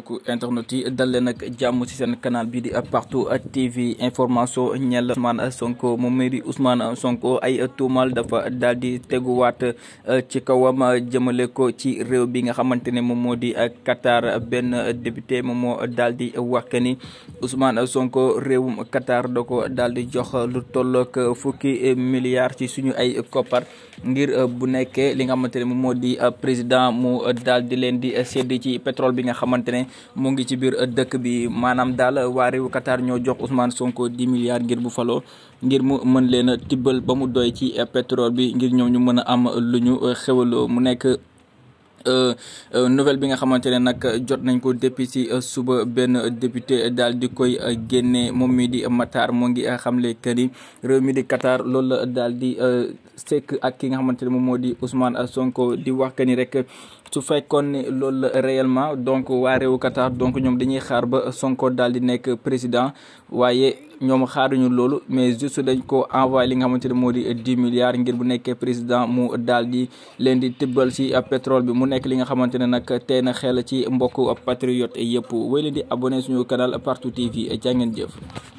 ku internet yi dal leen jàmm ci seen canal bi di partout TV information ñeel Ousmane Sonko mu mari Ousmane Sonko ay tuumal dafa daal di teguwaat euh, ci kawam jëmale ko ci réew bi nga xamante ne moom moo di Qatar benn député moom moo daal di wax ni Ousmane Sonko réewum Qatar da ko daal di jox lu tollook fukki milliards ci suñu ay koppar ngir euh, bu nekkee li nga xamante ne moom moo di euh, président mu daal di leen di sédd ci pétrole bi nga xamante ne mu ngi ci biir euh, dëkk bi maanaam daal euh, waa réewu Qatar ñoo jox Ousmane Sonko dix milliards ngir bu faloo ngir mu mën leen a tibbal ba mu doy ci euh, pétrole bi ngir ñoom ñu mën a am lu ñu xewaloo mu nekk nouvelle bi nga xamante ne nag jot nañ ko depuis ci suba benn député daal di koy génne moom mii di Matar mu ngi xamle que ni réew mi di Qatar loolu la daal Seck ak ki nga xamante ne moom moo di Ousmane Sonko di wax que nii rek su fekkoon ne loolu réellement donc waa réewu Qatar donc ñoom dañuy xaar ba Sonko daal di nekk président waaye ñoom xaaruñu loolu mais juste dañ ko envoyé li nga xamante ne moo di dix milliards ngir bu nekkee président mu daal di leen di tëbal ci pétrole bi mu nekk li nga xamante ne nag tey na xel ci mbokku patriote yëpp wéy leen di abonné suñu canal partout TV jaa ngeen jëf.